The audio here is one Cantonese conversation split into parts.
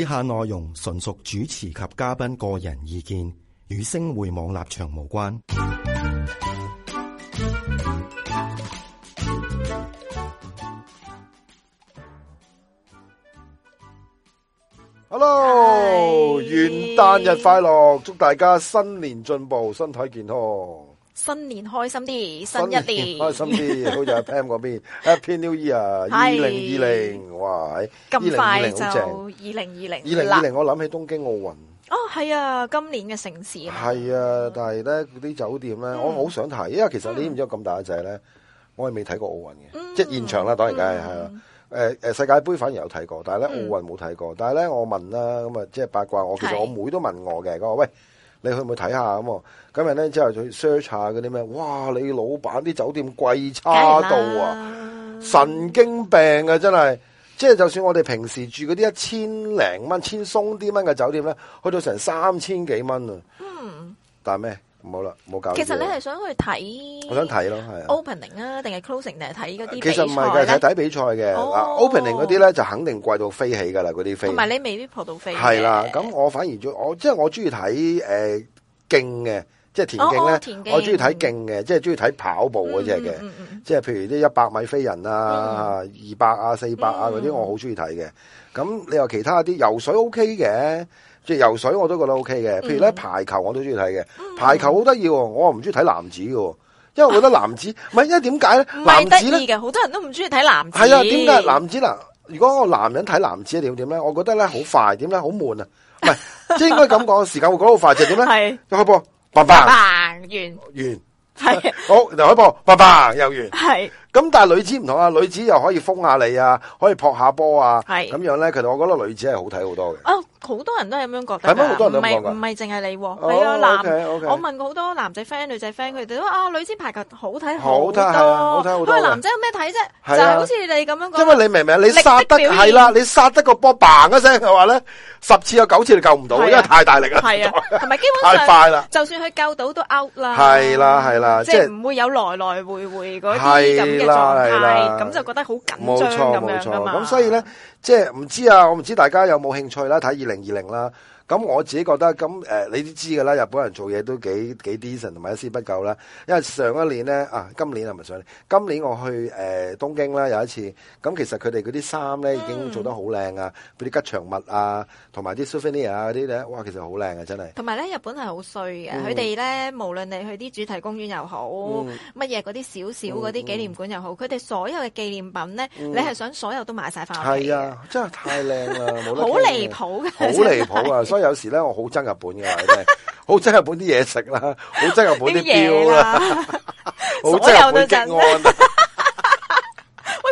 以下內容純屬主持及嘉賓個人意見，與星匯網立場無關。Hello，Hi. 元旦日快樂，祝大家新年進步，身體健康。新年開心啲，新一年。開心啲，好似阿 Pam 嗰邊，Happy New Year，二零二零，哇！咁快就二零二零，二零二零。我諗起東京奧運。哦，係啊，今年嘅盛事。係啊，但係咧嗰啲酒店咧，我好想提，因為其實你唔知我咁大個仔咧，我係未睇過奧運嘅，即係現場啦，當然梗係係啦。誒誒，世界盃反而有睇過，但係咧奧運冇睇過。但係咧，我問啦，咁啊，即係八卦。我其實我妹都問我嘅，佢話喂。你去唔去睇下咁啊？今日咧之後去 search 下嗰啲咩？哇！你老闆啲酒店貴差到啊！神經病啊，真係，即係就算我哋平時住嗰啲一千零蚊、千鬆啲蚊嘅酒店咧，去到成三千幾蚊啊！但係咩？冇啦，冇搞。其實你係想去睇？我想睇咯，係、oh。Opening 啊，定係 Closing 定係睇嗰啲其實唔係，睇睇比賽嘅。嗱，Opening 嗰啲咧就肯定貴到飛起噶啦，嗰啲飛。唔係你未必撲到飛的的。係啦，咁我反而我即係我中意睇誒，勁嘅，即係、呃、田徑咧、oh, okay,。我中意睇勁嘅，即係中意睇跑步嗰隻嘅。Mm -hmm. 即係譬如啲一百米飛人啊，二、mm、百 -hmm. 啊，四百啊嗰啲，mm -hmm. 我好中意睇嘅。咁你話其他啲游水 OK 嘅？即游水我都覺得 O K 嘅，譬如咧排球我都中意睇嘅，排球好得意喎。我又唔中意睇男子嘅，因為我覺得男子，唔、啊、係，因為點解咧？男子咧，好多人都唔中意睇男子。係啊，點解？男子嗱，如果個男人睇男子點點咧？我覺得咧好快，點咧好悶啊！唔係，即 係應該咁講，時間會覺得好快，就點咧？係，開波，棒棒完完，係、啊，好，又開波，棒棒又完，係。咁但係女子唔同啊，女子又可以封下你啊，可以撲下波啊，咁樣咧，其實我覺得女子係好睇好多嘅。啊，好多人都係咁樣覺得。係咩？好多人都係咁樣噶。唔係淨係你，係啊男。我問過好多男仔 friend、女仔 friend，佢哋都話啊，女子排球好睇好多，好睇好多。但係男仔有咩睇啫？就好似你咁樣。因為你明唔明？你殺得係啦，你殺得個波 bang 一聲嘅話咧，十次有九次你救唔到，因為太大力啦，係啊，同埋基本上太快啦，就算佢救到都 out 啦，係啦係啦，即係唔會有來來回回嗰啲咁。啦，咁就覺得好緊張咁樣噶嘛。冇錯，冇錯。咁所以呢，即係唔知啊，我唔知大家有冇興趣啦，睇二零二零啦。咁我自己覺得咁誒，你都知㗎啦，日本人做嘢都幾幾 decent 同埋一絲不苟啦。因為上一年咧啊，今年係咪上年？今年我去誒東京咧，有一次，咁其實佢哋嗰啲衫咧已經做得好靚啊，嗰啲吉祥物啊，同埋啲 souvenir 啊嗰啲咧，哇，其實好靚啊，真係。同埋咧，日本係好衰嘅，佢哋咧無論你去啲主題公園又好，乜嘢嗰啲少少嗰啲紀念館又好，佢哋所有嘅紀念品咧，你係想所有都買曬翻屋企。係啊，真係太靚啦，冇得。好離譜嘅。好離譜啊！所以。有時咧，我好憎日本嘅，好 憎日本啲嘢食啦，好憎日本啲表啦，好憎 日本的激安。 喂，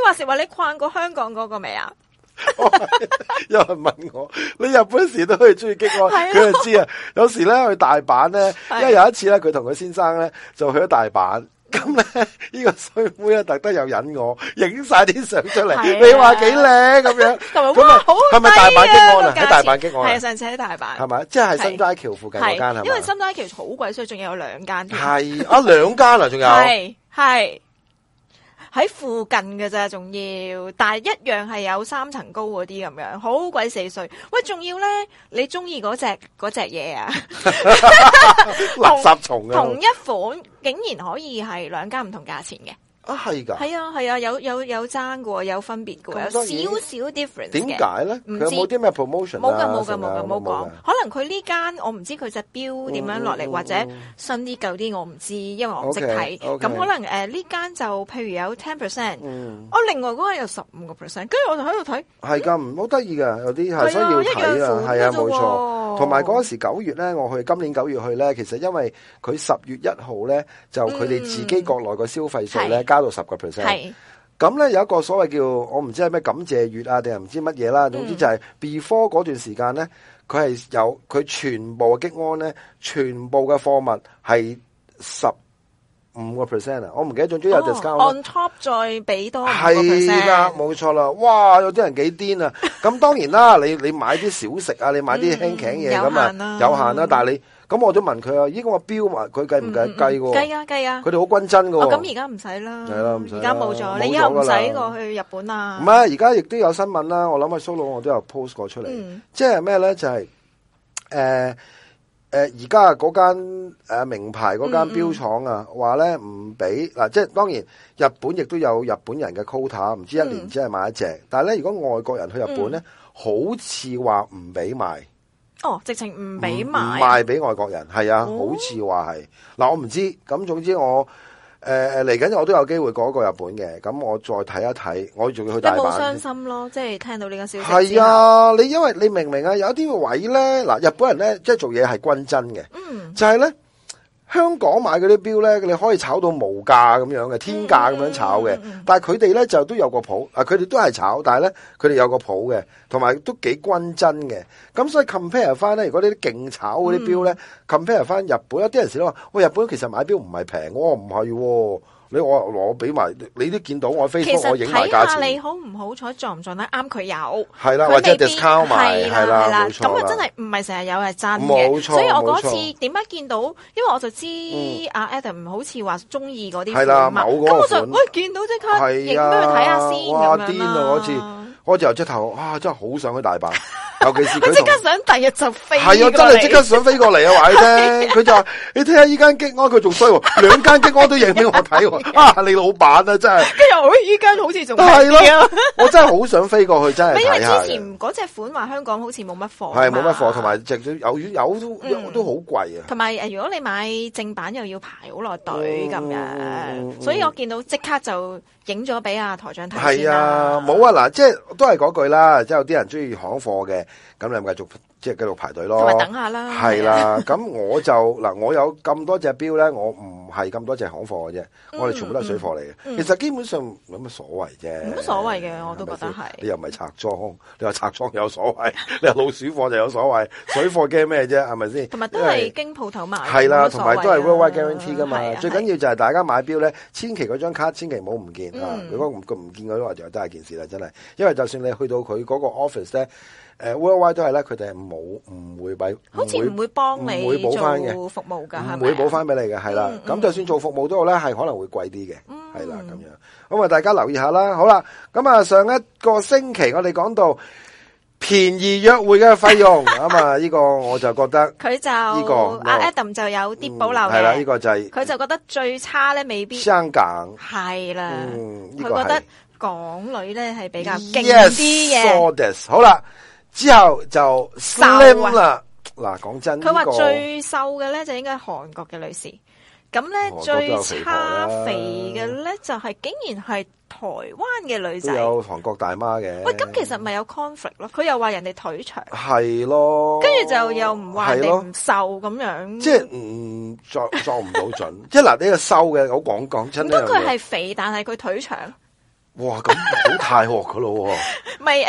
話時話你逛過香港嗰個未啊 ？有人問我，你日本時都可以中意激安？佢就知啊。有時咧去大阪咧，因為有一次咧，佢同佢先生咧就去咗大阪。咁咧，呢個衰妹啊，特登又引我影曬啲相出嚟。你話幾靚咁樣？咁啊，好貴啊！係咪大阪激我啦？大阪激我啦？係啊，上次啲大阪。係咪？即係新街橋附近嗰間係？因為新街橋好貴，所以仲要有兩間。係啊，兩間啊，仲有。係係。喺附近嘅咋，仲要，但係一樣係有三層高嗰啲咁樣，好鬼死碎。喂，仲要咧，你中意嗰隻嗰隻嘢啊？ 垃圾蟲同一款 竟然可以係兩間唔同價錢嘅。啊，係噶，係啊，係啊，有有有，有爭噶，有分別噶、嗯，有少少 difference 嘅點解咧？唔知，啲咩 promotion？冇、啊、噶，冇噶，冇噶，冇講。可能佢呢間我唔知佢隻表點樣落嚟、嗯嗯嗯，或者新啲舊啲，我唔知，因為我唔識睇。咁、嗯嗯、可能誒呢間就譬如有 ten percent、嗯、我另外嗰個有十五個 percent，跟住我就喺度睇。係噶，好得意噶，有啲係真要睇啊，係啊，冇錯。同埋嗰陣時九月咧，我去今年九月去咧，其實因為佢十月一號咧，就佢哋自己國內個消費稅咧、嗯、加到十個 percent，咁咧有一個所謂叫我唔知係咩感謝月啊定係唔知乜嘢啦，總之就係 before 嗰段時間咧，佢係有佢全部嘅激安咧，全部嘅貨物係十。五個 percent 啊，我唔記，記得仲有 discount。Oh, on top 再俾多係啦，冇錯啦，哇，有啲人幾癲啊！咁 當然啦，你你買啲小食啊，你買啲輕頸嘢咁啊，有限啦，嗯，但係你咁我都問佢啊，咦，我標埋，佢計唔計計㗎？計啊計啊！佢哋好均真㗎喎。咁而家唔使啦，唔使。而家冇咗，你以後唔使過去日本啦。唔係，而家亦都有新聞啦，我諗阿 Solo 我都有 post 過出嚟，嗯，即係咩咧？就係、是呃誒而家嗰間名牌嗰間錶廠啊，話咧唔俾嗱，即、嗯、係當然日本亦都有日本人嘅 quota，唔知一年只係買一隻，嗯、但係咧如果外國人去日本咧、嗯，好似話唔俾賣，哦，直情唔俾賣，賣俾外國人係啊，嗯、好似話係嗱，我唔知，咁總之我。誒、呃、誒，嚟緊我都有機會過一個日本嘅，咁我再睇一睇，我仲要去大阪。冇傷心咯？即係聽到呢個消息之後。係啊，你因為你明唔明啊？有啲位咧，嗱，日本人咧即係做嘢係均真嘅、嗯，就係、是、咧。香港買嗰啲表咧，你可以炒到無價咁樣嘅天價咁樣炒嘅，mm -hmm. 但佢哋咧就都有個譜。啊佢哋都係炒，但係咧佢哋有個譜嘅，同埋都幾均真嘅。咁所以 compare 翻咧，如果你啲勁炒嗰啲表咧，compare 翻日本，有啲人成日話：喂、哎，日本其實買表唔係平，我話唔係喎。你我攞俾埋，你都見到我 Facebook 我影埋價錢。其實睇下你好唔好彩撞唔撞得啱佢有。係啦，或者 discount 埋係啦，冇錯。咁真係唔係成日有係真嘅，冇錯，所以我嗰次點解見到，嗯，因為我就知阿 Adam 唔好似話中意嗰啲貨係啦，冇喎。咁我就，喂、哎，哎，見到即刻影俾佢睇下先咁樣啦。我由出頭，啊，真係好想去大阪，尤其是佢即 刻想第日就飛過，係啊，真係即刻想飛過嚟啊！話 訴 聽，佢就話你睇下依間激安，佢仲衰，兩 間激安都影俾我睇喎。 啊，你老闆啊，真係。跟住我依間好似仲係咯，我真係好想飛過去，真係睇下。因為之前嗰隻款話香港好似冇乜貨，係冇乜貨，同埋即有有，有，有都、嗯、都好貴啊。同埋如果你買正版又要排好耐隊咁、哦、樣、哦，所以我見到即刻就影咗俾阿台長睇先啊，冇、嗯、啊，嗱，即係。都係嗰句啦，即係有啲人中意行貨嘅，咁你咪繼續。即係繼續排隊咯，等下啦，係啦。咁 我就嗱，我有咁多隻表咧，我唔係咁多隻行貨嘅啫，我哋全部都係水貨嚟嘅。其實基本上冇乜所謂啫，冇乜所謂嘅，我都覺得係。你又唔係拆裝，你話拆裝有所謂， 你話老鼠貨就有所謂，水貨驚咩啫？係咪先？同埋都係經鋪頭賣，係啦，同埋都係 Worldwide Guarantee 噶嘛。嗯、最緊要就係大家買表咧，千祈嗰張卡千祈唔好唔見啊、嗯！如果唔唔見嗰啲話就真係件事啦，真係。因為就算你去到佢嗰個 office 咧。誒，Worldwide 都係咧，佢哋係冇，唔會俾，好似唔會幫你做服務噶，唔會補翻俾你嘅，係啦。咁就算做服務都咧，係可能會貴啲嘅，係啦咁樣。咁啊，大家留意下啦。好啦，咁啊，上一個星期我哋講到便宜約會嘅費用，咁啊，呢個我就覺得佢就呢個阿 Adam 就有啲保留嘅，係啦，呢個就係佢就覺得最差咧，未必生硬係啦。佢覺得港女咧係比較勁啲嘅。好啦。之後就瘦啦、啊，嗱，講真，佢話最瘦嘅咧就應該係韓國嘅女士，咁、哦、咧最差肥嘅咧就係竟然係台灣嘅女仔，有韓國大媽嘅。喂、哦，咁其實咪有 conflict 咯？佢又話人哋腿長，係咯，跟住就又唔話人哋唔瘦咁樣，即係唔作作唔到準。 即係嗱，呢、這個瘦嘅好講講出嚟，都佢係肥，但係佢腿長。哇，咁好大鑊噶咯喎！咪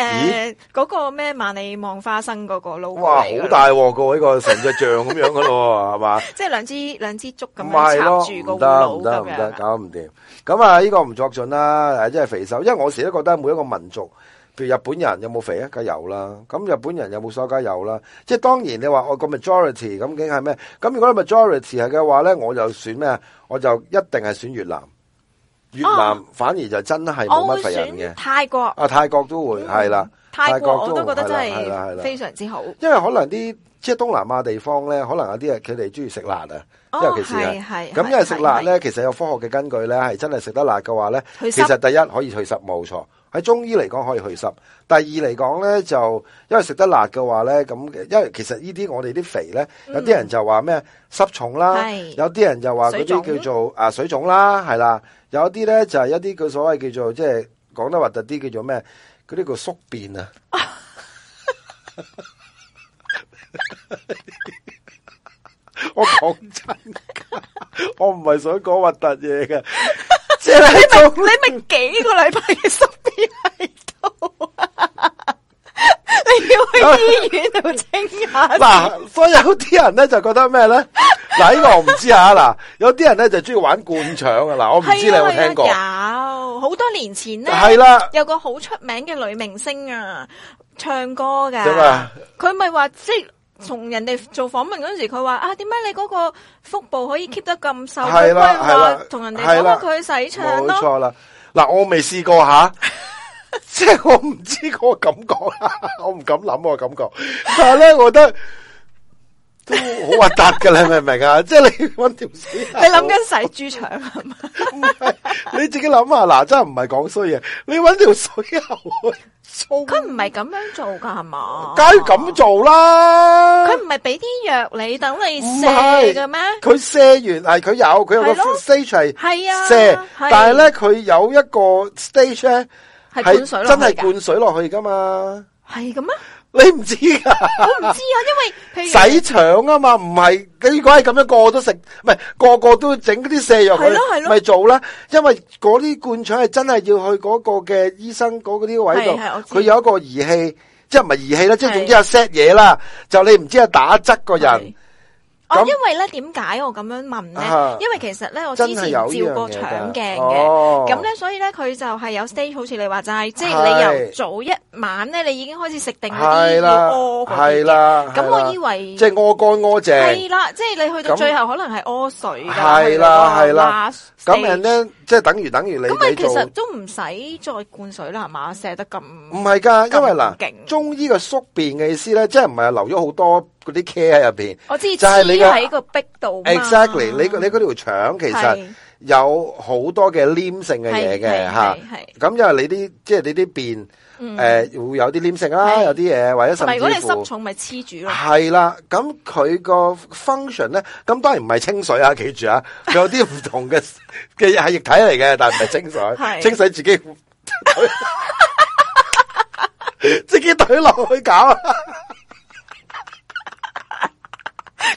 誒嗰個咩萬里望花生嗰個 logo？哇，好大鑊個呢個，成隻象咁樣噶咯，係嘛？即係兩支兩支竹咁插住個烏魯咁樣。唔得唔得唔得，搞唔掂。咁啊，呢個唔作準啦，係真係肥瘦。因為我時都覺得每一個民族，譬如日本人有冇肥啊？梗係有啦。咁日本人有冇瘦？梗係有啦。即係當然你話我個 majority 咁，究竟係咩？咁如果係 majority 係嘅話咧，我就選咩？我就一定係選越南。越南反而就真係冇乜肥人嘅，會泰國啊泰國都會係啦，嗯，泰國，泰國都我都覺得真係非，非常之好。因為可能啲即係東南亞地方咧，可能有啲人佢哋中意食辣啊，哦，尤其是啊，咁因為食辣咧，其實有科學嘅根據咧，係真係食得辣嘅話咧，其實第一可以去濕冇錯。喺中醫嚟講可以祛濕，第二嚟講咧就因為食得辣嘅話咧，咁因為其實呢啲我哋啲肥咧，有啲人就話咩濕重啦，有啲人就話嗰啲叫做啊水腫啦，係啦，有啲咧就係、是、一啲佢所謂叫做即係講得核突啲叫做咩嗰啲叫縮便啊！ 我講真，我唔係想講核突嘢嘅，只你度 你明幾個禮拜嘅濕？你 要去醫院度清下嗱。 所以有啲人咧就覺得咩咧？嗱，呢個我唔知啊。嗱，有啲人咧就中意玩灌腸啊。嗱，我唔知你有冇聽過？有，好多年前咧，係啦，有個好出名嘅女明星啊，唱歌噶。點啊？佢咪話即係從人哋做訪問嗰陣時，佢話啊，點解你嗰個腹部可以 keep 得咁瘦？係啦係啦，同人哋講佢洗腸咯。冇錯啦。嗱，我未試過下，啊、 即係我唔知個感覺啊，我唔敢諗個感覺，但係咧，我覺得。都好核突噶，你明唔明啊？ 即係你搵條水，你諗緊洗豬腸係嘛？你自己諗下，嗱，真係唔係講衰嘢，你搵條水喉去沖，佢唔係咁樣做噶係嘛？梗係咁做啦，佢唔係俾啲藥你等你，你射嘅咩？佢射完係佢有佢有個 stage 係，係啊，射，但係咧佢有一個 stage 咧係真係灌水落去噶嘛？係咁咩？你唔知㗎，我唔知啊，因為譬如洗腸啊嘛，唔係，如果係咁樣個個都食，唔係個個都整嗰啲瀉藥去，咪做啦。因為嗰啲灌腸係真係要去嗰個嘅醫生嗰嗰啲位度，佢有一個儀器，即係唔係儀器啦，即係總之係 set 嘢啦。就你唔知係打側個人。哦，因為咧，點解我咁樣問咧、啊？因為其實咧，我之前真的有的照過腸鏡嘅，咁、哦、咧，所以咧，佢就係有 stage，好似你話齋係，即係你由早一晚咧，你已經開始食定嗰啲要屙嗰啲，係啦。咁我以為即係屙乾屙淨。係啦，即係你去到最後可能係屙水。係啦，係啦。咁人咧，即係等於等於你。咁啊，其實都唔使再灌水啦，係嘛，瀉得咁。唔係噶，因為嗱，中醫嘅宿便嘅意思咧，即係唔係留咗好多。嗰啲茄喺入邊，就係、是、你一個喺個壁度嘛。Exactly，你你嗰條腸其實有好多嘅黏性嘅嘢嘅吓，咁、啊、因為你啲即係你啲便誒會有啲黏性啦，有啲嘢或者甚至乎如果你濕重咪黐住咯。係啦，咁佢個 function 咧，咁當然唔係清水啊，記住啊，佢有啲唔同嘅嘅係液體嚟嘅，但係唔係清水，清洗自己，自己懟落 去搞、啊。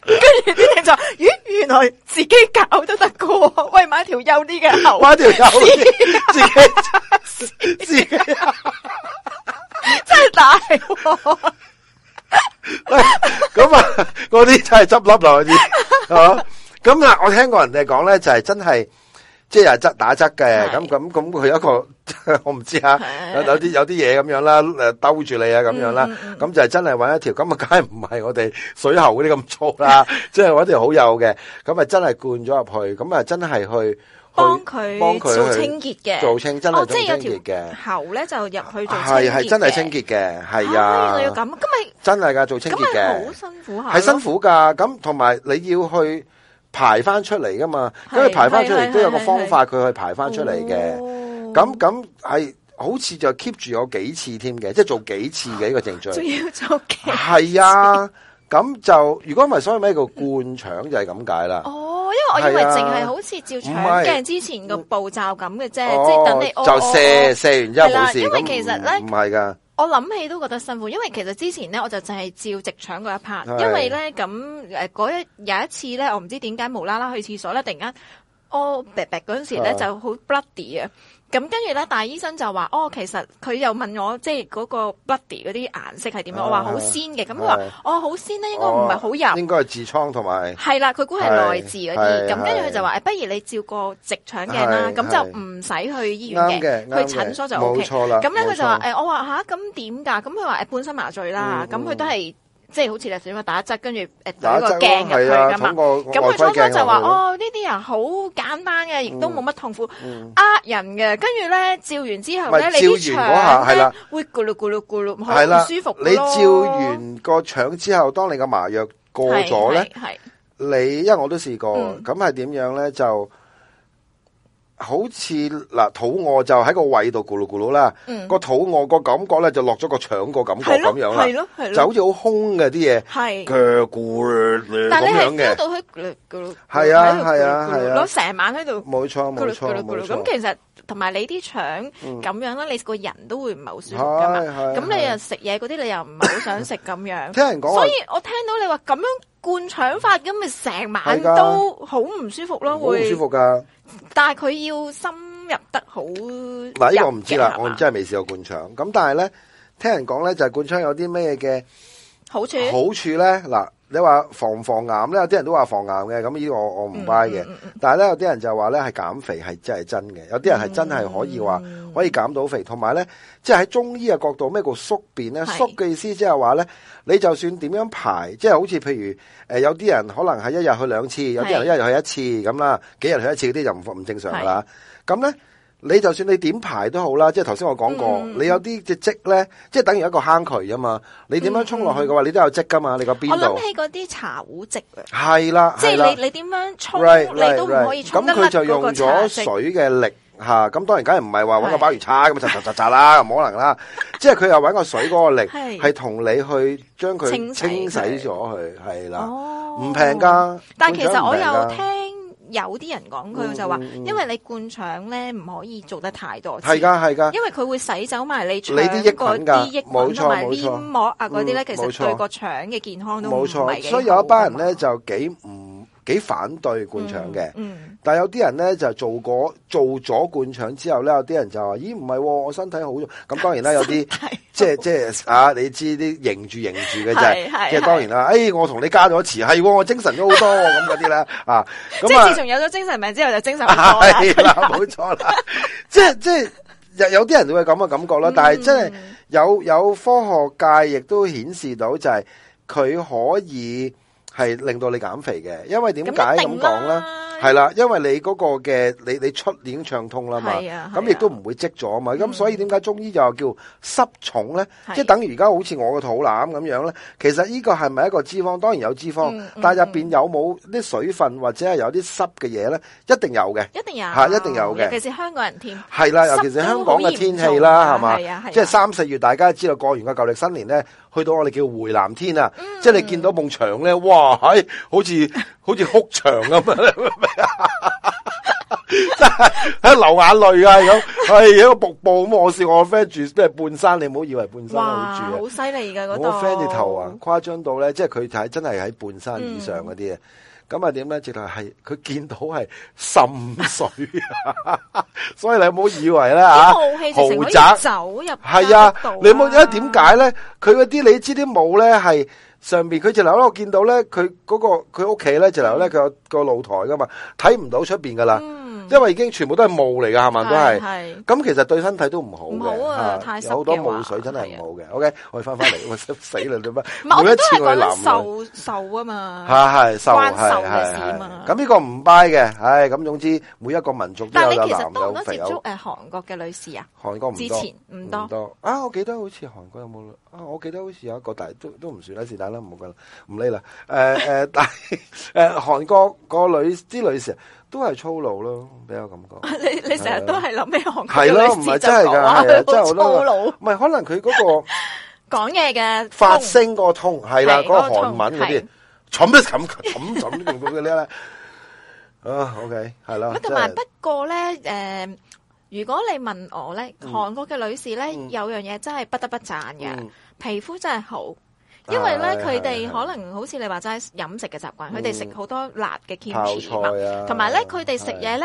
跟住啲人就，咦？原來自己搞都得㗎。喂，買條幼啲嘅牛，買條幼啲，自己，啊、自己真係大，咁啊，嗰啲真係執笠啦嗰啲，啊，咁 大啊， 啊，啊，我聽過人哋講咧，就係、是、真係。即係又係側打側嘅，咁咁咁佢有一個，我唔知啊，有有啲有啲嘢咁樣啦，誒兜住你啊咁樣啦，咁就係真係搵一條，咁啊梗係唔係我哋水喉嗰啲咁粗啦，即係搵條好幼嘅，咁啊真係灌咗入去，咁啊真係去幫佢，幫佢做清潔嘅，做清真係做清潔嘅，喉咧就入去做清潔嘅，係係真係清潔嘅，係啊，原來要咁，今日真係噶做清潔嘅，好辛苦，係辛苦噶，咁同埋你要去。排翻出嚟噶嘛，咁佢排翻出嚟都有個方法，佢去排翻出嚟嘅。咁咁係好似就 keep 住有幾次添嘅，即係做幾次嘅呢、這個程序。仲、哦、要做幾次？係啊，咁就如果唔係，所以咩叫灌腸、嗯、就係咁解啦。哦，因為我因為淨係好似照腸鏡、啊、之前個步驟咁嘅啫，即係等你、哦、就射、哦、射完之後冇事。其實呢、唔係㗎。我諗起都覺得辛苦，因為其實之前咧我就淨係照直腸嗰一 part，因為咧咁誒嗰一有一次咧，我唔知點解無啦啦去廁所咧，突然間屙 bb 嗰陣時咧、uh -huh. 就好 bloody 啊！咁跟住咧，大醫生就話：哦，其實佢又問我，即係嗰個 body 嗰啲顏色係點樣？啊、我話好鮮嘅，咁佢話：哦，好鮮咧，應該唔係好油。應該係痔瘡同埋。係啦，佢估係內痔嗰啲。咁跟住佢就話：誒，不如你照個直腸鏡啦，咁就唔使去醫院嘅，去診所就 O K。冇錯啦。咁咧，佢就話：誒、哎，我話嚇，咁點㗎？咁佢話：誒、啊，半、啊啊啊、身麻醉啦，咁佢都係。嗯嗯即係好似你上邊打一針，跟住誒戴個鏡入去噶嘛，咁佢初初就話：哦，呢啲人好簡單嘅，亦都冇乜痛苦，呃人嘅。跟住咧，照完之後咧，你啲腸咧會咕嚕咕嚕咕嚕，唔舒服咯。你照完個腸之後，當你個麻藥過咗咧，你因為我都試過，咁係點樣咧就？好似嗱，肚餓就喺個胃度咕嚕咕嚕啦。個、嗯、個肚餓個感覺咧就落咗個腸個感覺咁樣啦。係咯，係咯，就好似好空嘅啲嘢。係，咁樣嘅。但係你係到係啊，係啊，係啊，攞成晚喺度。冇錯，冇錯，冇錯。咁其實。同埋你啲腸咁樣啦、嗯，你個人都會唔係好舒服噶嘛。咁你，你又食嘢嗰啲，你又唔係好想食咁樣。所以我聽到你話咁樣灌腸法，咁咪成晚都好唔舒服咯。會唔舒服噶？但係佢要深入得好。嗱、呢個，我唔知啦，我真係未試過灌腸。咁但係咧，聽人講咧，就係、是、灌腸有啲咩嘅好處？好處咧嗱。你話防唔防癌咧？有啲人都話防癌嘅，咁呢個我唔 buy 嘅。但係咧，有啲人就話咧，係減肥係真係真嘅。有啲人係真係可以話可以減到肥，同埋咧，即係喺中醫嘅角度，咩叫縮便咧？縮嘅意思即係話咧，你就算點樣排，即係好似譬如誒，有啲人可能係一日去兩次，有啲人一日去一次咁啦，幾日去一次嗰啲就唔唔正常噶啦。咁咧。你就算你點排都好啦，即係頭先我講過，你有啲只積咧，即係等於一個坑渠啊嘛。你點樣沖落去嘅話，你都有積噶嘛。你個邊度？我諗起嗰啲茶壺積啊。係啦，即係你你點樣沖，你都唔可以沖得甩嗰個茶。咁佢就用咗水嘅力吓，咁當然梗係唔係話搵個鮑魚叉咁，扎扎扎扎啦，冇可能啦。即係佢又搵個水嗰個力，係同你去將佢清洗咗去，係啦，唔平噶。但係其實我又聽。有啲人講佢就話，因為你灌腸咧唔可以做得太多次，係噶係噶，因為佢會洗走埋你腸嗰啲益菌㗎，冇錯冇錯，黏膜啊嗰啲咧其實對個腸嘅健康都唔係，所以有一班人咧就幾唔幾反對灌腸嘅，但係有啲人咧就做過做咗灌腸之後咧，有啲人就話：咦，唔係、哦、我身體好咗。咁當然啦，有啲即係即係啊，你知啲認住認住嘅啫即係當然啦。誒、哎，我同你加咗詞係，我精神咗好多咁嗰啲啦啊。即係自從有咗精神病之後，就精神唔多、啊、啦。冇錯啦， 即係即係有有啲人會咁嘅感覺啦、嗯。但係即係有有科學界亦都顯示到就係、是、佢可以。係令到你減肥嘅，因為點解咁講咧？係啦，因為你嗰個嘅你你出料已經暢通啦嘛，咁亦都唔會積咗嘛。咁所以點解中醫又叫濕重咧？即係等於而家好似我個肚腩咁樣咧。其實呢個係咪一個脂肪？當然有脂肪，但係入邊有冇啲水分或者係有啲濕嘅嘢咧？一定有嘅，一定有吓，一定有嘅，尤其是香港人添。係啦，尤其是香港嘅天氣啦，係嘛，即係三四月，大家知道過完個舊曆新年咧。去到我哋叫回南天啊，mm -hmm. 即係你見到埲牆咧，哇係、哎，好似好似哭牆咁樣！ 真係喺度流眼淚啊！咁係有個瀑布咁，我笑我個 friend 住都係半山，你唔好以為半山好住好犀利噶。嗰度，我 friend 啲頭啊誇張到咧，即係佢睇真係喺半山以上嗰啲啊！咁啊點咧？直頭係佢見到係滲水啊！ 所以你唔好以為咧吓， 啊、豪宅走入係啊！你冇，點解咧？佢嗰啲你知啲帽咧係。上邊佢就樓咧，我見到咧、那個，佢嗰個佢屋企咧就樓咧，佢有個露台噶嘛，睇唔到出邊噶啦。嗯因為已經全部都係霧嚟㗎，係咪都係？咁其實對身體都唔好嘅，有好多霧水真係唔好嘅。OK，我翻返嚟，我死啦！做乜？每一次講瘦瘦啊嘛，係係瘦係係係。咁呢個唔 buy 嘅，唉，咁總之每一個民族都有有肥佬。但係你其實多唔多接觸誒韓國嘅女士啊？韓國唔多，唔多啊！我記得好似韓國有冇啊？我記得好似有一個，但係都都唔算啦，是但啦，唔咁唔理啦。誒誒，但誒韓國個女之女士。都係粗魯咯，俾我感覺。你你成日都係諗咩韓國女士就講話好粗魯。唔係可能佢嗰個講嘢嘅發聲個痛係啦，嗰個韓文嗰啲，蠢都蠢蠢蠢，仲要嗰啲咧。啊，OK，係咯。咁但係不過咧，誒，如果你問我咧，韓國嘅女士咧，有樣嘢真係不得不讚嘅，皮膚真係好。因為咧，佢哋可能好似你話齋飲食嘅習慣，佢哋食好多辣嘅 kimchi，係呀，同埋咧佢哋食嘢咧。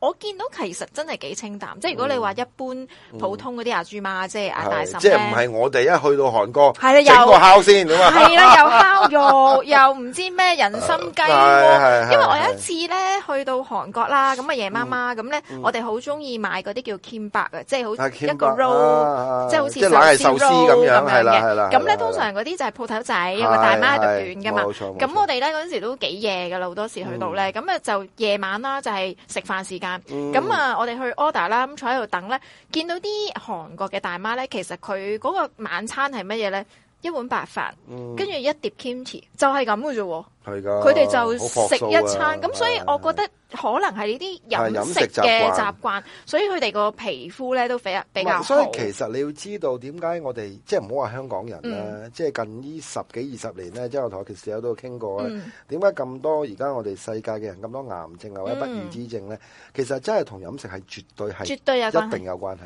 我見到其實真係幾清淡，嗯、即係如果你話一般普通嗰啲阿豬媽、嗯、即係阿大嬸咧，即係唔係我哋一去到韓國係啦，又整個烤先 又烤肉， 又唔知咩人參雞、哦。因為我有一次呢，去到韓國啦，咁啊夜媽媽咁呢，嗯、我哋好鍾意買嗰啲叫 kimbap 嘅、啊，即、就、係、是啊、一個 roll 即係好似生鮮壽司咁、啊、樣嘅。咁呢，通常嗰啲就係鋪頭仔有個大媽喺度捲㗎嘛。咁我哋呢，嗰陣時都幾夜㗎啦，好多時去到呢，咁就夜晚啦，就係食飯時間、嗯、咁啊！我哋去 order 啦，咁坐喺度等咧，見到啲韓國嘅大媽咧，其實佢嗰個晚餐係乜嘢咧？一碗白飯，跟、嗯、住一碟 kimchi，就係咁嘅啫。係噶，佢哋就食一餐，咁所以我覺得可能係呢啲飲食嘅習慣，所以佢哋個皮膚咧都比比較好。所以其實你要知道點解我哋即係唔好話香港人啦、啊，即、嗯、係、就是、近呢十幾二十年咧，即、就、係、是、我同我同事友都傾過咧，點解咁多而家我哋世界嘅人咁多癌症或者不治之症咧、嗯？其實真係同飲食係絕對係絕對有關，一定有關係。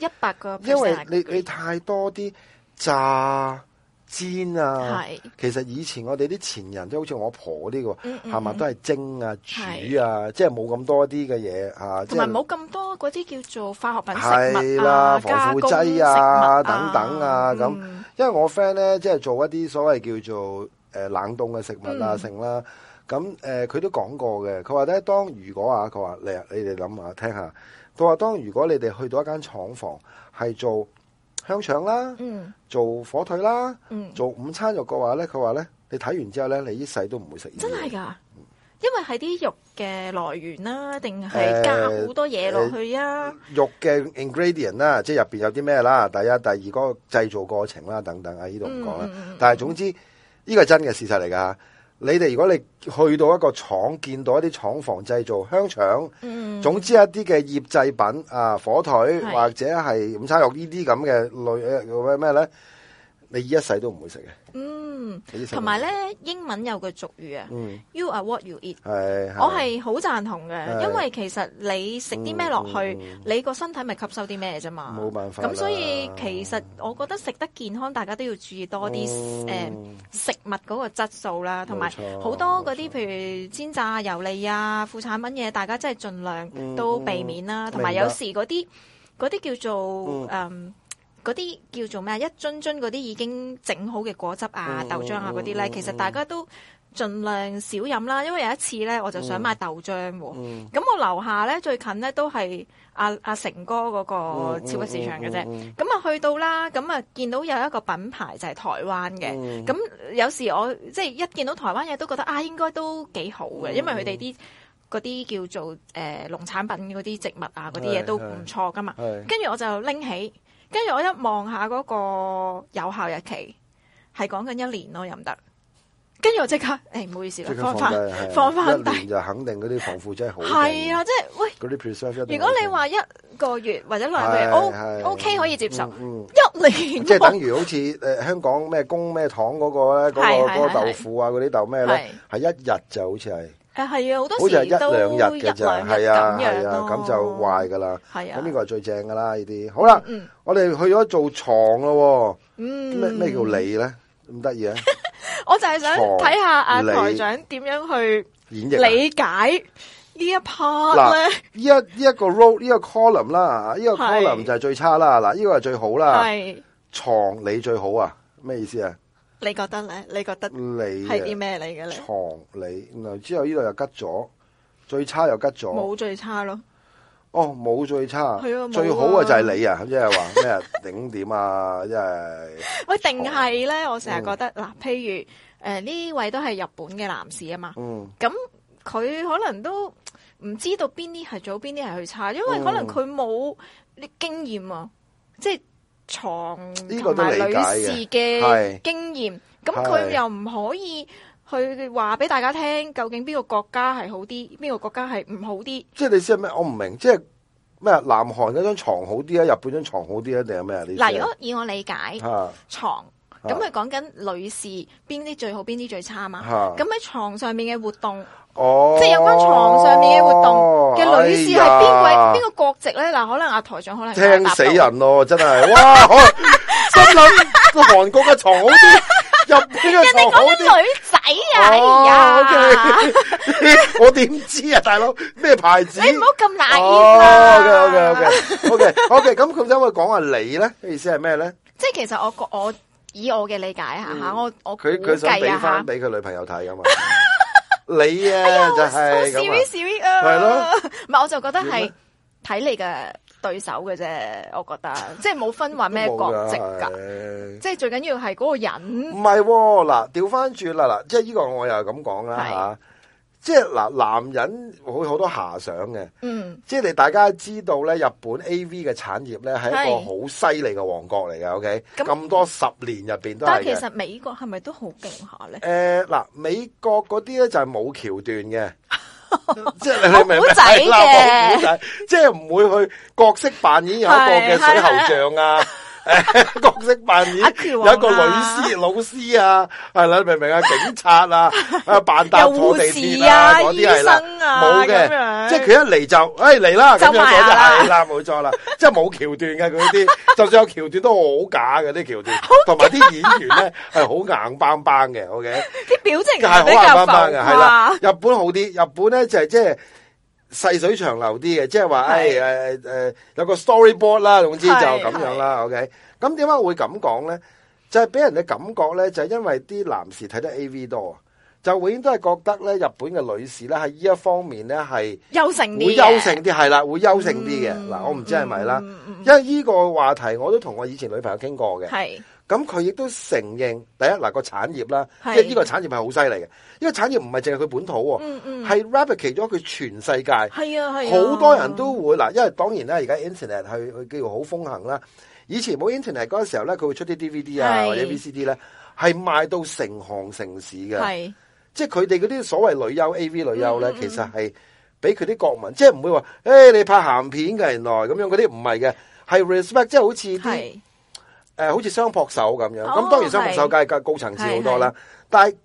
一百個因，因為你你太多啲炸。煎啊，其實以前我哋啲前人即係好似我婆呢啲喎，係咪、嗯嗯、都係蒸啊、煮啊，即係冇咁多啲嘅嘢嚇。唔係冇咁多嗰啲叫做化學品食物啊、防腐劑啊、啊等等啊咁、嗯。因為我 friend 咧即係做一啲所謂叫做、呃、冷凍嘅食、啊嗯啊嗯呃、食物啊、成啦咁佢、呃、都講過嘅。佢話咧，當如果啊，佢話你你哋諗下聽下，佢話當如果你哋去到一間廠房係做。香腸啦、嗯，做火腿啦，嗯、做午餐肉嘅話咧，佢話咧，你睇完之後咧，你一世都唔會食呢啲嘢。真係噶，因為係啲肉嘅來源啦，定係加好多嘢落去啊。呃呃、肉嘅 ingredient 啦，即係入邊有啲咩啦，第一、第二、嗰個製造過程啦，等等啊，呢度唔講啦。嗯、但係總之，呢個係真嘅事實嚟噶。你哋如果你去到一個廠，見到一啲廠房製造香腸、嗯，總之一啲嘅醃製品啊，火腿或者係午餐肉呢啲咁嘅類誒咩咩咧？你一世都唔會食嘅。嗯，同埋咧，英文有句俗語啊、嗯、You are what you eat。我係好贊同嘅，因為其實你食啲咩落去，嗯、你個身體咪吸收啲咩啫嘛。冇辦法。咁所以其實我覺得食得健康，大家都要注意多啲誒、嗯嗯、食物嗰個質素啦，同埋好多嗰啲譬如煎炸、油膩啊、副產品嘢，大家真係盡量都避免啦。同、嗯、埋、嗯、有，有時嗰啲嗰啲叫做誒。嗯嗯嗰啲叫做咩啊？一樽樽嗰啲已經整好嘅果汁啊、豆漿啊嗰啲咧，其實大家都盡量少飲啦。因為有一次咧，我就想買豆漿喎。咁我樓下咧，最近咧，都係阿阿成哥嗰個超級市場嘅啫。咁啊去到啦，咁啊那見到有一個品牌就係台灣嘅。咁有時我即係一見到台灣嘢都覺得啊，應該都幾好嘅，因為佢哋啲嗰啲叫做誒、呃、農產品嗰啲植物啊嗰啲嘢都唔錯噶嘛。跟住我就拎起。跟住我一望下嗰個有效日期，係講緊一年咯又唔得，跟住我即刻，誒、哎，唔好意思啦，放翻放翻就肯定嗰啲防腐劑好係啊，即係喂，啲、就是、如果你話一個月或者兩個月，O O K 可以接受，一年，即、就、係、是、等於好似誒香港咩公咩糖嗰、嗰個咧，嗰、嗰個、嗰個豆腐啊嗰啲豆咩咧，係一日就好似係。誒，係啊，好多時都一兩日嘅啫，係啊，係啊，咁就壞噶啦。咁呢個係最正噶啦，呢啲好啦、嗯。我哋去咗做藏咯。咩、嗯、咩叫你咧？咁得意啊？ 我就係想睇下阿、啊、台長點樣去演繹、啊、理解這一呢一 part 咧。呢一呢一個 road 呢個 column 啦，呢、這個 column 是就係、是、最差啦。嗱，呢、這個係最好啦。藏你最好啊？咩意思啊？你覺得咧？你覺得係啲咩你的？係啲咩嚟嘅？你？理嗱，之後呢度又吉咗，最差又吉咗，冇最差咯。哦，冇最差，啊啊、最好嘅就係你啊！即係話咩啊？頂 點啊！即係喂，定係咧？我成日覺得嗱，譬、嗯、如誒呢、呃、位都係日本嘅男士啊嘛。嗯。咁佢可能都唔知道邊啲係早，邊啲係去差，因為可能佢冇啲經驗啊，嗯、即係。床同埋女士嘅經驗，咁、這、佢、個、又唔可以去話俾大家聽，究竟邊個國家係好啲，邊個國家係唔好啲？即係你知係咩？我唔明，即係咩？南韓嗰張床好啲啊，日本張床好啲啊，定係咩啊？啲嗱，如果以我理解，啊、床。咁佢講緊女士邊啲最好，邊啲最差嘛？咁喺床上面嘅活動，即係有關床上面嘅活動嘅女士係邊位？邊個國籍咧？嗱，可能阿台長可能聽死人咯，真係哇！心諗個韓國嘅床啲入邊嘅床啲，人哋講緊女仔啊！哎呀！我點知啊，大佬咩牌子？你唔好咁冷血啦！OK OK OK OK OK，咁佢點會講話你咧？意思係咩咧？即係其實我覺我。以我嘅理解嚇、嗯，我我佢佢想俾翻俾佢女朋友睇噶嘛？ 你啊、哎、就係咁係咯，唔係、啊、我就覺得係睇你嘅對手嘅啫，我覺得即係冇分話咩國籍噶，即係最緊要係嗰個人。唔係嗱，調翻轉啦嗱，即係依個我又係咁講啦嚇。即係嗱，男人會好多遐想嘅，嗯，即係大家知道咧，日本 AV 嘅產業咧係一個好犀利嘅王國嚟嘅，OK，咁多十年入邊都係，但其實美國係咪都好勁下咧？誒、呃，嗱，美國嗰啲咧就係冇橋段嘅， 即係你明唔明？撈波仔，猜猜 即係唔會去角色扮演有一個嘅水喉匠啊。 誒， 角色扮演、啊、有一個女師、啊、老師啊，係啦，明唔明啊？警察啊， 辦啊，扮搭坐地啊，嗰啲係啦，冇嘅、啊，即係佢一嚟就，誒嚟啦，咁樣講就係啦，冇錯啦，錯 即係冇橋段嘅嗰啲，就算有橋段都好假 橋段好假嘅啲橋段，同埋啲演員咧係好硬邦邦嘅，OK，啲表情係硬邦邦嘅。係 啦，日本好啲，日本咧就係即係。細水長流啲嘅，即係話，誒誒誒，有個 storyboard 啦，總之就咁樣啦。OK，咁點解我會咁講咧？就係俾人嘅感覺咧，就係因為啲男士睇得 AV 多啊，就永遠都係覺得咧，日本嘅女士咧喺呢一方面咧係優勝啲，會優勝啲係啦，會優勝啲嘅。嗱，我唔知係咪啦，因為呢個話題我都同我以前女朋友傾過嘅。咁佢亦都承認，第一嗱個產業啦，即係呢個產業係好犀利嘅。呢個產業唔係淨係佢本土喎，係 rapid 起咗佢全世界。係啊係，好多人都會嗱，因為當然啦，而家 internet 係佢叫做好風行啦。以前冇 internet 嗰陣時候咧，佢會出啲 DVD 啊或者 VCD 咧，係賣到成行成市嘅。係，即係佢哋嗰啲所謂女優 AV 女優咧，其實係俾佢啲國民，即係唔會話誒，你拍鹹片嘅原來咁樣嗰啲唔係嘅，係 respect，即好似誒、呃，好似雙撲手咁樣，咁、oh, 當然雙撲手界係高層次好多啦。但係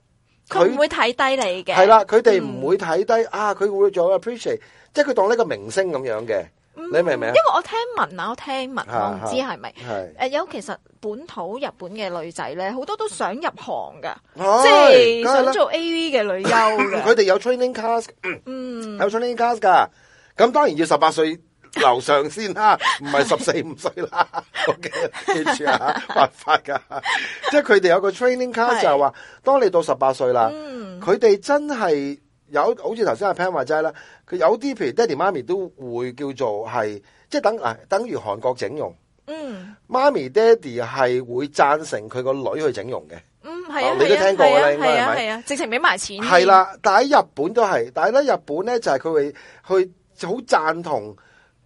佢唔會睇低你嘅，係啦，佢哋唔會睇低、嗯、啊，佢會做 appreciate，即係佢當呢個明星咁樣嘅、嗯，你明唔明啊？因為我聽聞啊，我聽聞我唔知係咪，誒有、呃、其實本土日本嘅女仔咧，好多都想入行噶，即係、就是、想做 A V 嘅女優。佢哋 有 training class，嗯，嗯，有 training class 噶，咁當然要十八歲。樓上先啦，唔係十四五歲啦。O、okay, K，記住啊，犯 法噶。即係佢哋有個 training card 就係話，當你到十八歲啦，佢、嗯、哋真係有好似頭先阿 Pan 話齋啦。佢有啲譬如爹哋媽咪都會叫做係，即係等啊，等於韓國整容。嗯，媽媽，媽咪爹哋係會贊成佢個女去整容嘅。嗯，係、啊，你都聽過噶啦，應該係咪？係啊，啊，啊，啊，啊，直情俾埋錢。係啦，但喺日本都係，但係咧日本咧就係佢會去好贊同。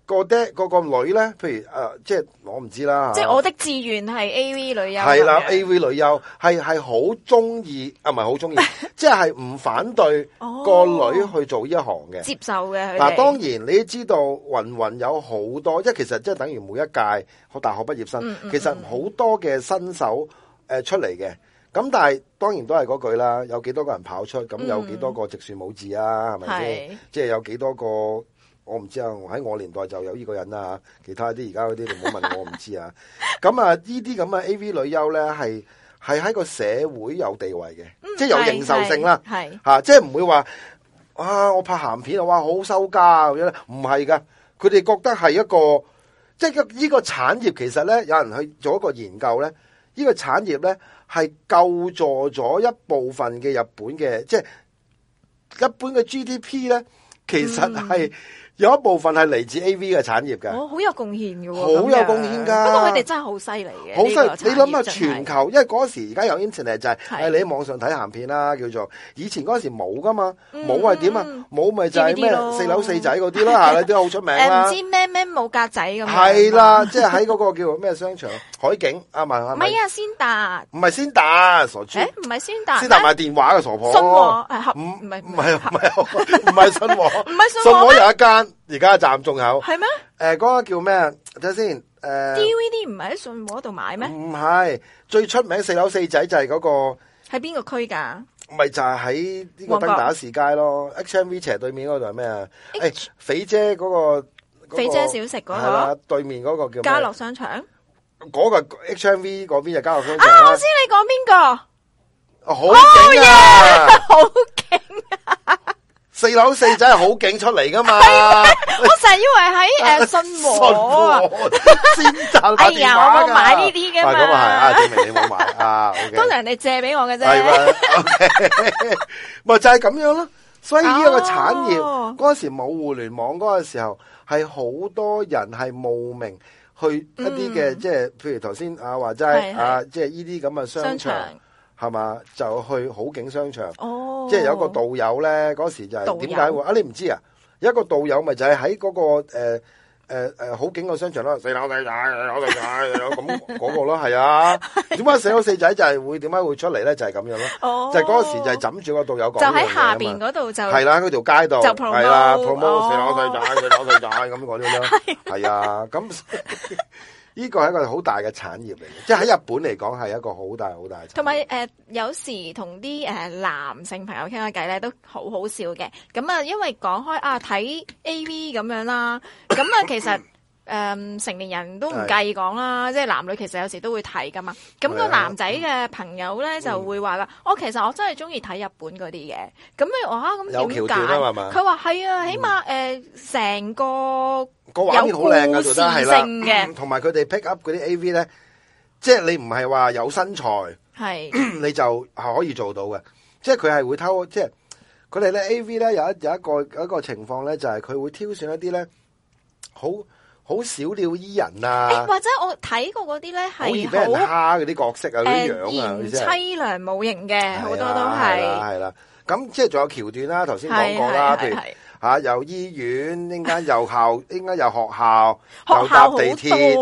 個爹個，個女呢，譬如誒、呃，即係我唔知啦。即係我的志願係 A V 女優。係啦，A V 女優係係好中意，啊唔係好中意， 即係唔反對個女去做呢一行嘅、哦、接受嘅。嗱，當然你知道云云有好多，即係其實即係等於每一屆學大學畢業生，嗯嗯、其實好多嘅新手誒、呃、出嚟嘅。咁但係當然都係嗰句啦，有幾多個人跑出，咁有幾多個直樹冇字啊？係、嗯、咪即係有幾多個？我唔知啊！喺我年代就有呢個人啦，其他啲而家嗰啲，你唔好問我，唔知啊。咁 啊，AV 旅，呢啲咁嘅 A V 女優咧，係係喺個社會有地位嘅，嗯，即係有認受性啦，係吓、啊，是是即係唔會話啊！我拍鹹片啊，哇，好收家咁樣，唔係噶。佢哋覺得係一個，即係呢個產業其實咧，有人去做一個研究咧，呢、這個產業咧係救助咗一部分嘅日本嘅，即係日本嘅 G D P 咧，其實係。嗯有一部分係嚟自 A V 嘅產業嘅，我、哦、好有貢獻嘅，好有貢獻噶。不過佢哋真係好犀利嘅，好犀利、呢個！你諗下全球，就是、因為嗰時而家有 internet 就係、是，誒你喺網上睇鹹片啦，叫做以前嗰時冇噶嘛，冇係點啊，冇咪就係咩四樓四仔嗰啲啦吓，嗰啲好出名唔知咩咩冇格仔咁，係啦，即係喺嗰個叫做咩商場 海景，啊，文唔係啊，先達，唔係先達傻豬，唔係先達，先達賣電話嘅傻婆，信我誒，唔唔係唔係唔係信唔係信我有一間。而家站仲有係咩？誒，嗰、呃那個叫咩？睇下先。誒、呃、，D V D 唔係喺信和度買咩？唔、嗯、係最出名四樓四仔就係嗰、那個。喺邊個區噶？咪就係喺呢個登打士街咯，H M V 斜對面嗰度係咩啊？誒，肥、哎、姐嗰、那個肥、那個、姐小食嗰、那個對，對面嗰個叫什麼家樂商場。嗰、那個 H M V 嗰邊就家樂商場。啊，我知你講邊個，好勁好勁啊！Oh, yeah! 四樓四仔係好勁出嚟噶嘛？我成日以為喺誒信和啊，先賺。哎呀，我冇買呢啲嘅嘛。咁啊係啊，證明你冇買啊。通常人哋借俾我嘅啫。咪、okay、 就係咁樣咯。所以呢個產業嗰、oh. 時冇互聯網嗰個時候，係好多人係慕名去一啲嘅，即、mm. 係譬如頭先啊話齋啊，即係呢啲咁嘅商場。商場係嘛？就去好景商場，即係有一個導遊咧。嗰時就係點解會啊？你唔知啊？有一個導遊咪就係喺嗰個誒誒誒好景個商場咯。四老細仔，四老細仔，咁嗰個咯，係啊？點解四老四仔就係會點解會出嚟咧？就係咁樣咯。就嗰時就係枕住個導遊講。就喺下邊嗰度就係啦，喺條街度係啦，鋪模四老細仔，四老細仔咁講咗啦。係啊，咁。呢個係一個好大嘅產業嚟嘅，即係喺日本嚟講係一個好大好大嘅產業。同埋誒，有時同啲誒男性朋友傾下偈咧，都好好笑嘅。咁啊，因為講開啊，睇 AV 咁樣啦，咁啊，其實誒成年人都唔介意講啦。即係男女其實有時都會睇噶嘛。咁個男仔嘅朋友咧就會話啦：我其實我真係中意睇日本嗰啲嘅。咁你哇咁點解？佢話係啊，起碼誒成個。個畫面好靚啊，做得係啦。同埋佢哋 pick up 嗰啲 A V 咧，即係你唔係話有身材，係你就係可以做到嘅。即係佢係會偷，即係佢哋咧 A V 咧有一有一個有一個情況咧，就係佢會挑選一啲咧，好好小鳥依人啊，或者我睇過嗰啲咧係畀人蝦嗰啲角色啊、嗰啲樣啊，即係淒涼冇型嘅，好多都係係啦。咁即係仲有橋段啦，頭先講過啦，譬如。吓、啊，又醫院，依家又校，依家有學校，又 搭地鐵，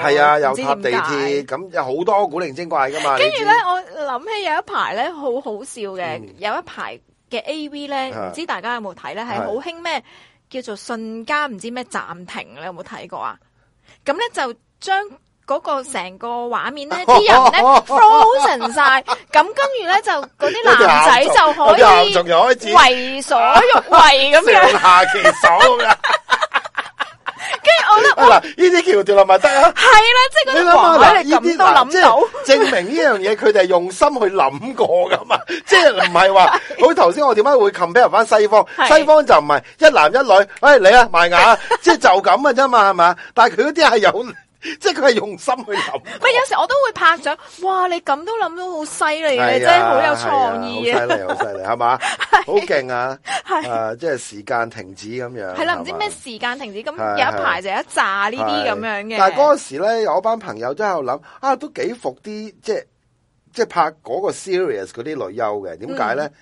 係啊，又搭地鐵，咁有好多古靈精怪噶嘛。跟住咧，我諗起有一排咧，好好笑嘅、嗯，有一排嘅 AV 咧，唔知大家有冇睇咧，係好興咩叫做瞬間唔知咩暫停，你有冇睇過啊？咁咧就將。嗰個成個畫面咧，啲人咧 frozen 晒，咁跟住咧就嗰啲男仔就可以為所欲為咁樣，上下其手噶。跟住我覺得，嗱，呢啲橋段係咪得啊？係啦，即係嗰啲男仔嚟咁多諗到，證明呢樣嘢佢哋係用心去諗過噶嘛。即係唔係話，好似頭先我點解會 compare 翻西方？西方就唔係一男一女，喂，嚟啊，賣牙，即係就咁噶啫嘛，係嘛？但係佢嗰啲係有。即係佢係用心去諗，唔有時我都會拍掌，哇！你咁都諗到好犀利嘅，真係好有創意嘅，好犀利，好犀利，係嘛？好勁啊！係、啊 啊啊啊，即係時間停止咁樣，係啦、啊，唔、啊、知咩時間停止咁，有一排就一炸呢啲咁樣嘅。但係嗰時咧，有班朋友真係喺度諗，啊，都幾服啲，即係即係拍嗰個 serious 嗰啲女優嘅，點解咧？嗯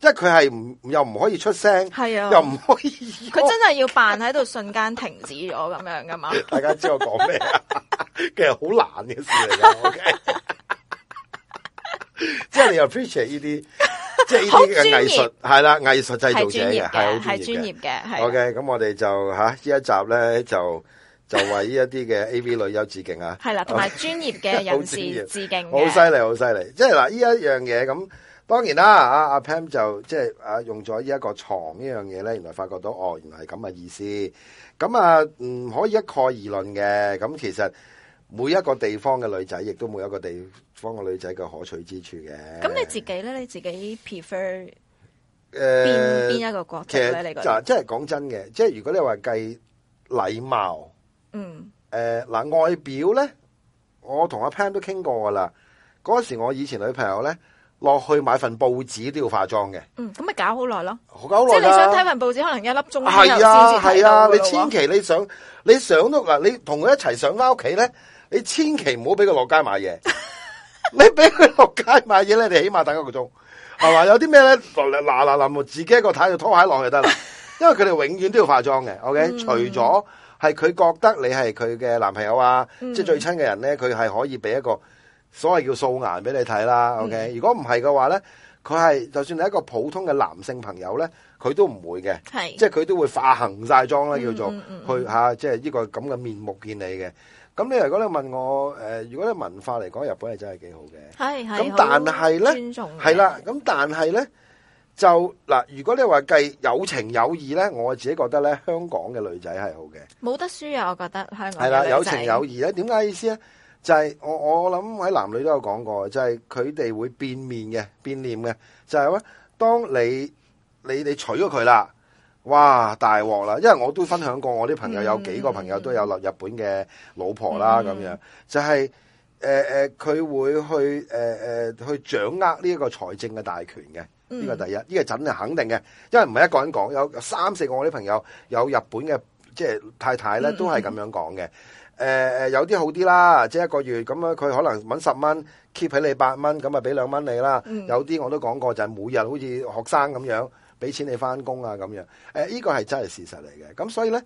即係佢係唔又唔可以出聲，係啊，又唔可以。佢真係要扮喺度瞬間停止咗咁 樣噶嘛？大家知我講咩？ 其實好難嘅事嚟嘅。 okay ? 是你這些 即係你又 appreciate 呢啲，即係呢啲嘅藝術係啦，藝術製造者嘅係專業嘅。係專業嘅。OK，咁我哋就吓呢一集咧，就就為呢一啲嘅 A V 女優致敬啊！係啦、啊，同埋專業嘅人士致敬 好犀專利業， 好犀利！即係嗱，呢一樣嘢咁。當然啦，阿阿 Pam 就即係啊，就是，用咗呢一個床呢樣嘢咧，原來發覺到哦，原來係咁嘅意思。咁啊，唔、嗯、可以一概而論嘅。咁其實每一個地方嘅女仔，亦都每一個地方嘅女仔嘅可取之處嘅。咁你自己咧？你自己 prefer 誒邊邊一個國呢？其實你嗱，即係講真嘅，即係如果你話計禮貌，嗯誒，嗱、呃呃、外表咧，我同阿 Pam 都傾過噶啦。嗰時我以前女朋友咧。落去買份報紙都要化妝嘅，嗯，咁咪搞好耐咯，好搞耐啊！即係你想睇份報紙，可能一粒鐘都有先至睇到。係啊，你千祈你想，你想都嗱，你同佢一齊上翻屋企咧，你千祈唔好俾佢落街買嘢。 你俾佢落街買嘢咧，你起碼等一個鐘，係嘛？ 有啲咩咧？嗱嗱嗱，自己一個睇到拖鞋落去得啦。 因為佢哋永遠都要化妝嘅。OK、嗯、除咗係佢覺得你係佢嘅男朋友啊，嗯、即係最親嘅人咧，佢係可以俾一個。所謂叫素顏俾你睇啦，OK？如果唔係嘅話咧，佢係就算你一個普通嘅男性朋友咧，佢都唔會嘅，即係佢都會化恆曬妝啦，叫做去嚇，即係呢個咁嘅面目見你嘅。咁你如果，你問我誒，如果你文化嚟講，日本係真係幾好嘅，係，係，咁但係咧，係啦，咁但係咧，就嗱，如果你話計有情有義咧，我自己覺得咧，香港嘅女仔係好嘅，冇得輸啊！我覺得香港係啦，有情有義咧，點解意思咧？就係、是、我我諗喺男女都有講過，就係佢哋會變面嘅、變臉嘅，就係話，當你你你娶咗佢啦，哇大鑊啦！因為我都分享過，我啲朋友有幾個朋友都有立日本嘅老婆啦，咁、嗯嗯、樣就係誒誒，佢、呃、會去誒誒、呃、去掌握呢一個財政嘅大權嘅，呢、嗯這個第一，呢、這個準係肯定嘅，因為唔係一個人講，有三四個我啲朋友有日本嘅即係太太咧，都係咁樣講嘅。嗯嗯誒、呃、誒，有啲好啲啦，即係一個月咁佢可能搵十蚊，keep 起你八蚊，咁啊俾兩蚊你啦。嗯、有啲我都講過，就係每日好似學生咁樣俾錢你返工啊咁樣。誒、呃，呢、這個係真係事實嚟嘅。咁所以咧，誒、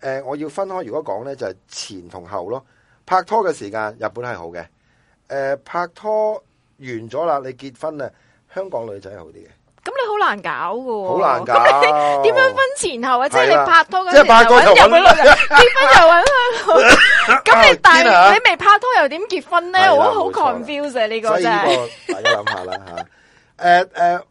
呃，我要分開如果講咧，就係、是、前同後咯。拍拖嘅時間，日本係好嘅。誒、呃，拍拖完咗啦，你結婚啦，香港女仔係好啲嘅。咁你好難搞嘅、哦，好難搞、哦。咁點樣分前後啊？即係、啊就是、你拍拖嘅時候，又搵， 結婚又就 你未拍拖又點結婚咧？我都好 confuse 啊！呢、呢個真係，所以大家諗下啦吓。誒 誒、啊啊，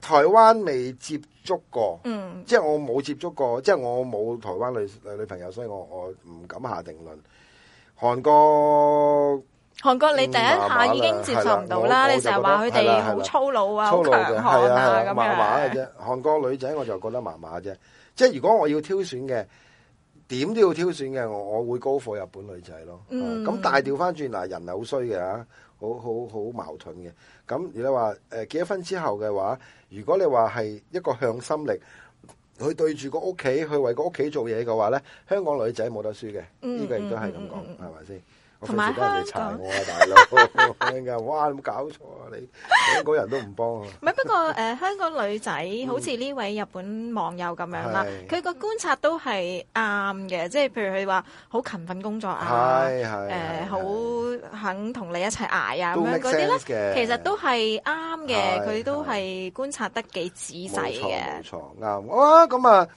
台灣未接觸過，嗯，即係我冇接觸過，即係我冇台灣女女朋友，所以我我唔敢下定論。韓國，韓國你第一下已經接受唔到啦！你成日話佢哋好粗魯啊，粗魯係啊，咁樣嘅啫。韓國女仔我就覺得麻麻啫。即係如果我要挑選嘅。點都要挑選嘅，我會高火日本女仔咯。咁大調翻轉嗱，人係好衰嘅嚇，好好好矛盾嘅。咁你話誒結咗婚之後嘅話，如果你話係一個向心力，去對住個屋企，去為個屋企做嘢嘅話咧，香港女仔冇得輸嘅。呢、嗯呢個亦都係咁講，係咪先？同埋香港，我我啊、 哇！你冇搞錯啊，你香港人都唔幫啊。唔係，不過誒、呃，香港女仔 好似呢位日本網友咁樣啦，佢、嗯、個觀察都係啱嘅，即係譬如佢話好勤奮工作啊，誒，好、呃、肯同你一齊捱啊咁樣嗰啲咧，其實都係啱嘅。佢都係觀察得幾仔細嘅。冇錯，啱。哇，咁、哦、啊，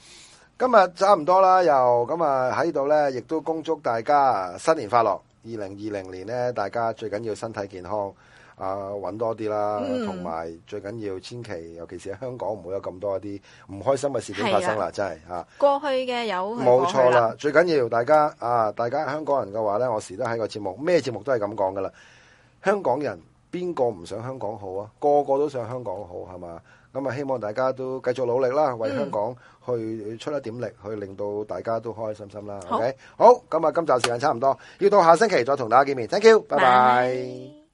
今日差唔多啦，又咁啊喺度咧，亦都恭祝大家新年快樂。二零二零年呢，大家最緊要身體健康，啊，揾多啲啦，同、嗯、埋最緊要千祈，尤其是喺香港，唔會有咁多一啲唔開心嘅事件發生啦，真係嚇。過去嘅有冇錯啦？最緊要大家啊，大家香港人嘅話呢，我時都喺個節目，咩節目都係咁講噶啦。香港人邊個唔想香港好啊？個個都想香港好係嘛？咁啊，希望大家都繼續努力啦，為香港去出一點力，嗯，去令到大家都開開心心啦。好 OK，好，咁啊，今集時間差唔多，要到下星期再同大家見面。Thank you，拜拜。Bye.